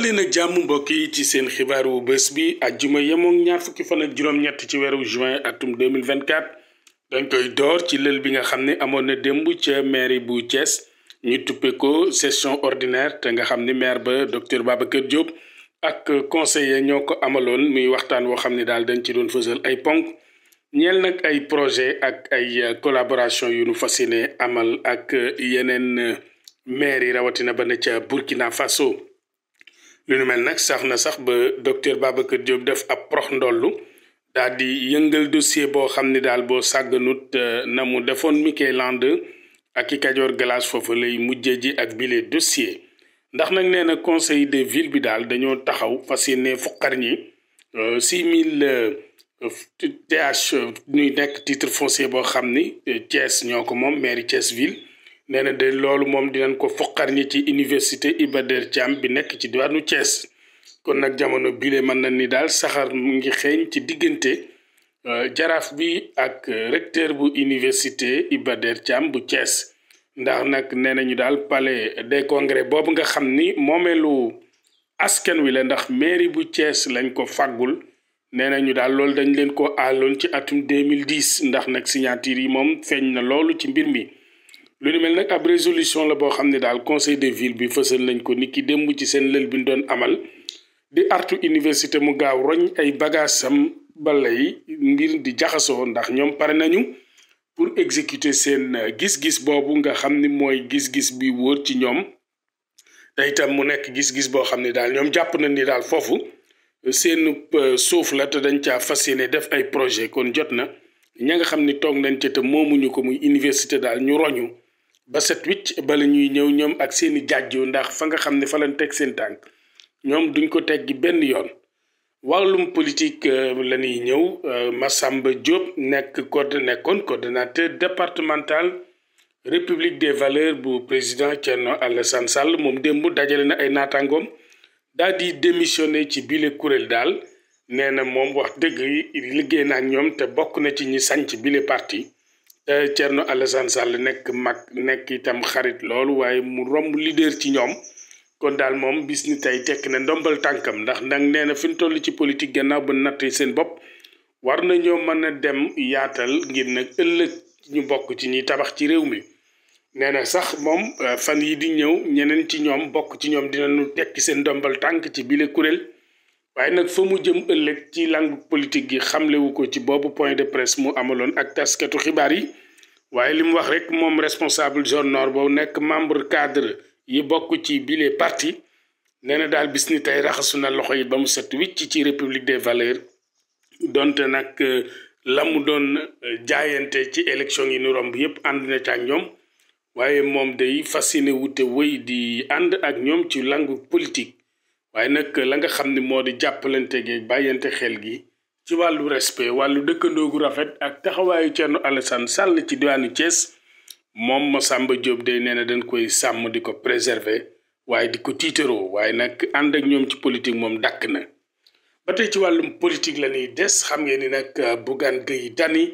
dalli jàmm mbokk yi ci seen xibaaru bés bi ajjuma yemoog ñaar fukki fan ak juróom-ñett ci weeru juin atum 2024 dañ koy door ci lël bi nga xam ne amoon na démb ca mairie bu Thiès ñu tuppe ko session ordinaire te nga xam ni maire ba docteur Babacar jóg ak conseiller ñoo ko amaloon muy waxtaan woo xam ne daal dañ ci doon fësal ay ponk ñeel nag ay projet ak ay collaboration yu nu fas yéene amal ak yeneen maire yi rawatina ba ne ca Burkina Faso lu nu mel nag sax na sax ba docteur Babacar Diop def ab prox ndollu daal di yëngal dossier boo xam ni daal boo sàgganut euh, na mu defoon Mickey Land ak i Kajoor Glace foofu lay mujjee ji ak bile dossier ndax nag nee na conseil de ville bi daal dañoo taxaw fas yéene fuqar ñi euh, six mille th euh, nuy nekk titre foncier boo xam ni Thiès ñoo ko moom mairie Thiès ville nee na de loolu moom dinañ ko foqar ci université Iba Der Thiam bi nekk ci diwaanu cees kon nag jamono bile mën na ni daal saxaar mu ngi xeeñ ci diggante euh, jaraaf bi ak euh, recteur bu université Iba Der Thiam bu cees ndax nag nee nañu daal pale des congrès boobu nga xam ni moomeelu askan wi la ndax mairie bu cees lañ ko fàggul nee nañu daal loolu dañ leen ko àlloon ci atum 2010 ndax nag signature yi moom feeñ na loolu ci mbir mi lu ni mel nag ab résolution la boo xam ne daal conseil de ville bi fësal nañ ko ni ki démb ci seen lël bi ñu doon amal di artu université mu gaaw roñ ay bagaasam bala yi ngir di jaxasoo ndax ñoom pare nañu pour exécuter seen euh, gis-gis boobu nga xam ni mooy gis-gis bi wóor ci ñoom te itam mu nekk gis-gis boo xam ne daal ñoom jàpp nañ ni daal foofu euh, seen euh, suuf la te dañ caa fas yéene def ay projet kon jot na ña nga xam ni toog nañ ca te moomuñu ko muy université daal ñu roñu ba set wicc bala ñuy ñëw ñoom ak seeni jàjju ndax fa nga xam ne fa lañ teg seen tànk ñoom duñ ko teggi benn yoon wàllum politique euh, la ñuy ñëw euh, Massamba Diop nekk code nekkoon coordonnateur départemental république des valeurs bu président Thierno Alassane Sall moom démb dajale na ay naataangoom daal di démissionné ci bile kuréel daal nee na moom wax dëgg liggéey na ak ñoom te bokk na ci ñi sanc bile parti Thierno nu Sall nekk mag nekk itam xarit loolu waaye mu romb leader ci ñoom kon daal moom bis ni tey tekk na ndombal tànkam ndax ndax nee na fi ñu toll ci politique gannaaw ba natt seen bopp war nañoo mën a dem yaatal ngir nag ëllëg ñu bokk ci ñuy tabax ci réew mi. nee na sax moom euh, fan yi di ñëw ñeneen ci ñoom bokk ci ñoom dina ñu tekki seen ndombal tànk ci bile kuréel. waaye nag fa mu jëm ëllëg ci langue politique gi xamlewu ko ci boobu point de presse mu amaloon ak taskatu xibaar yi waaye li mu wax rek moom responsable zone nord boobu nekk membre cadre yi bokk ci bile parti nee na daal bis ni tey raxasu na loxo yi ba mu set wicc ci république des valeurs donte nag euh, la mu doon euh, jaayante ci élection yi nu romb yépp ànd na ca ak ñoom waaye moom day fasciné wute woy di ànd ak ñoom ci langue politique waaye nag la nga xam ni moo di jàppalante gi bàyyante xel gi ci wàllu respect wàllu dëkkandoo gu rafet ak taxawaayu Thierno Alassane Sall ci diwaanu Thiès moom Massamba Diop day nee na dañ koy sàmm di ko préserver waaye di ko tiitaroo waaye nag ànd ak ñoom ci politique moom dakk na. ba tey ci wàllum politique la ñuy des xam ngeen ni nag euh, Bougane Gueye Dany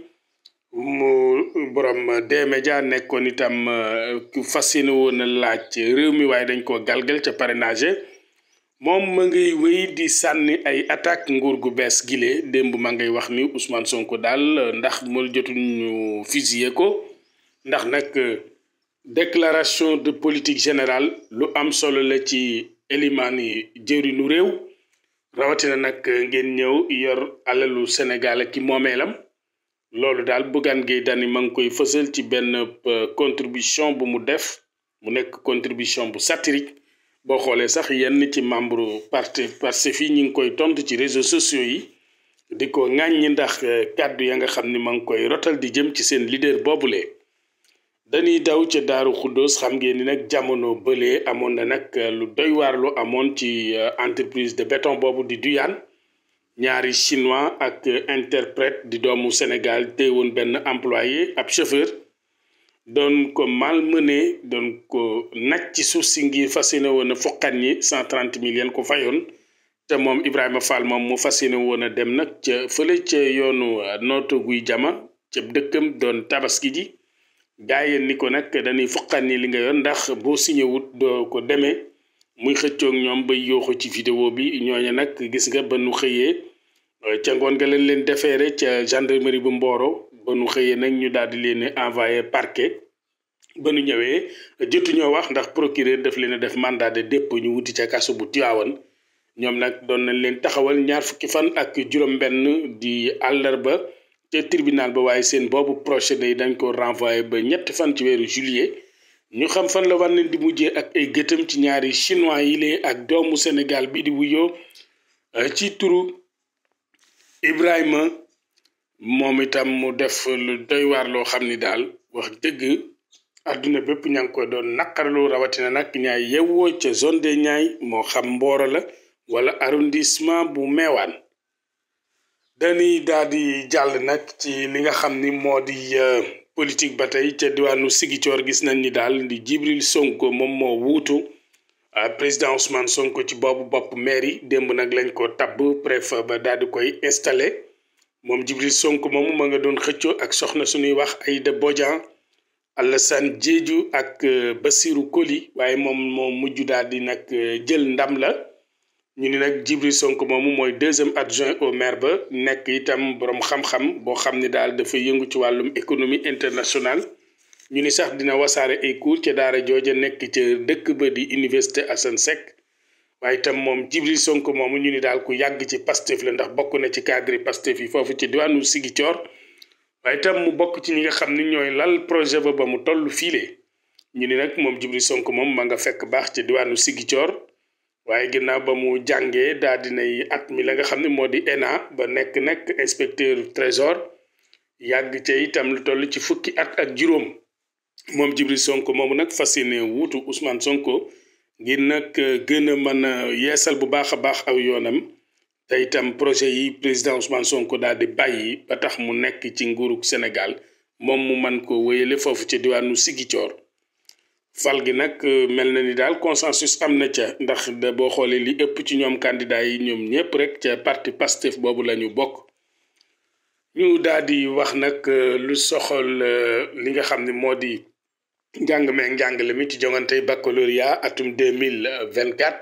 mu borom D-Media nekkoon itam euh, ku fas yéene woon a ci réew mi waaye dañ koo galgal ca parrainage. moom ma ngay wéy di sànni ay attaque nguur gu bees gile démb ma ngay wax ni Ousmane Sonko daal ndax mol jotuñu fusillé ko ndax nag euh, déclaration de politique général lu am solo la ci élimaan yi jëwriñu réew rawatina nag euh, ngeen ñëw yor alalu Sénégal ak ki moomeelam loolu daal Bougane Gueye Dany ma ngi koy fësal ci benn euh, contribution bu mu def mu nekk contribution bu satirique boo xoolee sax yenn ci membre parti Pastef yi ñu ngi koy tontu ci réseaux sociaux yi di ko ŋàññi ndax euh, kàddu ya nga xam ni ma ngi koy rotal di jëm ci seen boobu boobule. dañuy daw ca Daaru Xuddoos xam ngeen ni nag jamono bëlee amoon na nag euh, lu doy waar lu amoon ci euh, entreprise de beton boobu di Duyaan ñaari chinois ak interprète di doomu Sénégal téewoon benn employé ab chauffeur. doon ko malmené doon ko nag ci suuf si ngir fas yéene woon a foqat ñi cent trente millions ko fayoon te moom Ibrahima Fall moom mu fas yéene woon a dem nag ca fële ca yoonu euh, nootu guy jama ca dëkkam doon tabaski ji gaayeen ni ko nag dañuy foqat ñi li nga yoon ndax boo signé doo ko demee muy xëccoog ñoom ba yooxu ci vidéo bi ñooñu nag gis nga ba nu xëyee euh, ca ngoon nga leen leen defeere ca gendarmerie bu Mboro ba nu xëyee nañ ñu daal di leen envoyé parquet ba nu ñëwee jotuñoo wax ndax procureur daf leen a def mandat de dépôt ñu wuti ca kaso bu Tiwaawan ñoom nag doon nañ leen taxawal ñaar fukki fan ak juróom-benn di ba ca tribunal ba waaye seen boobu procès yi dañ ko renvoyé ba ñett fan ci weeru juillet ñu xam fan la war di mujjee ak ay gëtam ci ñaari chinois yile ak doomu Sénégal bi di wuyoo ci turu Ibrahima. moom itam mu def lu doy loo xam ni daal wax dëgg àdduna bépp ña ngi ko doon naqarlu rawatina nag ñaay yewwoo ca zone des Niayes moo xam mbooro la wala arrondissement bu Meewaan dañuy daal di jàll nag ci li nga xam ni moo di euh, politique ba tey ca diwaanu Sigicoor gis nañ ni daal di Jibril Sonko moom moo wuutu euh, président Ousmane Sonko ci boobu bopp mairie démb nag lañ ko tabb préfet ba daal di koy installé. moom Jibril sonk moomu ma nga doon xëccoo ak soxna suñuy wax ay Bodian Alassane Diédhiou ak euh, Bassirou Koli waaye moom moo mujj daal di nag euh, jël ndam la ñu ni nag Jibril sonk moomu mooy deuxième adjoint au maire ba nekk itam boroom xam-xam boo xam ne daal dafa yëngu ci wàllum économie internationale ñu ni sax dina wasaare ay cours ca daara jooja nekk ca dëkk ba di université Assane Seck waaye itam moom Jibril Sonko moomu ñu ni daal ku yàgg ci Pastef la ndax bokk na ci cadre Pastef yi foofu ci diwaanu Ziguinchor waaye itam mu bokk ci ñi nga xam ni ñooy lal projet ba ba mu toll fiile ñu ni nag moom Jibril Sonko moom ma nga fekk baax ci diwaanu Ziguinchor waaye ginnaaw ba mu jàngee daa dinay at mi la nga xam ne moo di ENA ba nekk nekk inspecteur trésor yàgg ca itam lu toll ci fukki at ak juróom moom Jibril Sonko moomu nag fas yéene wuutu Ousmane Sonko ngir nag euh, gën a mën a yeesal bu baax a baax aw yoonam te itam projet yi président Ousmane Sonko daal di bàyyi ba tax mu nekk ci nguurug Sénégal moom mu man ko wéyale foofu ci diwaanu Sigicoor fal gi nag euh, mel na ni daal consensus am na ca ndax da boo xoolee li ëpp ci ñoom candidat yi ñoom ñépp rek ca partie Pastef boobu la ñu bokk ñu daal di wax nag euh, lu soxal li nga xam ne moo di njàng meeg njàngale mi ci jongante baccalauréat atum 2024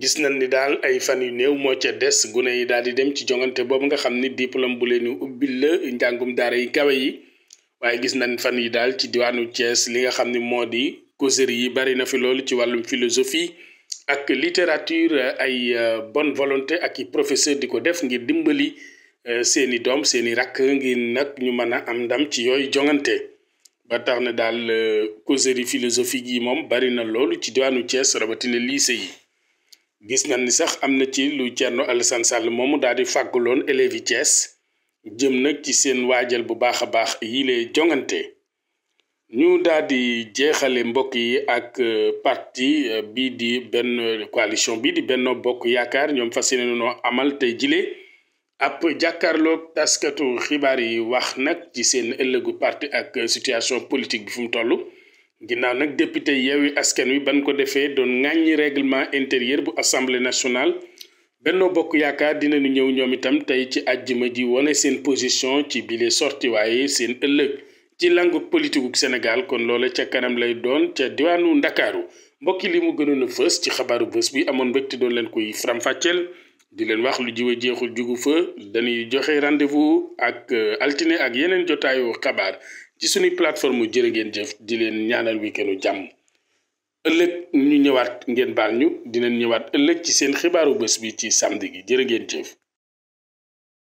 gis nañ ni daal ay fan yu néew moo ca des gune yi daal di dem ci jongante boobu nga xam ni diplôme bu leen ubbil la njàngum daara yi kawe yi waaye gis nañ fan yi daal ci diwaanu Thiès li nga xam ni moo di causerie yi bari na fi loolu ci wàllum philosophie ak littérature ay euh, bonne volonté ak i professeur di ko def ngir dimbali euh, seeni doom seeni rakk ngir nag ñu mën a am ndam ci yooyu jongante ba tax na daal euh, causerie philosophique yi moom bari na loolu ci diwaanu Thiès rawatina lycée yi gis nañ ni sax am na ci lu Thierno Alassane moom moomu daal di fàggaloon élèves yi Thiès jëm nag ci seen waajal bu baax a baax yi lay jongante ñu daal di jeexale mbokk yi ak euh, parti euh, bii di benn coalition bii di Benno Bokk Yaakaar ñoom fa yéene noo amal tey jile ab jàkkaarloog taskatu xibaar yi wax nag ci seen ëllëgu parti ak situation politique bi fu mu toll ginnaaw nag député Yewwi Askan Wi ban ko defee doon ŋàññi règlement intérieur bu assemblée national Benno Bokk Yaakaar dinañu ñëw ñoom itam tey ci àjjuma ji wane seen position ci bile sorti waaye seen ëllëg ci langu politiku Sénégal kon loola ca kanam lay doon ca diwaanu Ndakaaru mbokki li mu gënoon a fës ci xabaaru bés bi amoon mbégte doon leen koy faram-fàcceel di leen wax lu jiwe jeexul jugu fa dañuy joxe rendez-vous ak euh, altine ak yeneen jotaayu xabaar ci suñuy plateforme jërë ngeen jëf di leen ñaanal weekendu jàmm ëllëg ñu ñëwaat ngeen baal ñu di leen ñëwaat ëllëg ci seen xibaaru bés bi ci samedi gi jërë ngeen jëf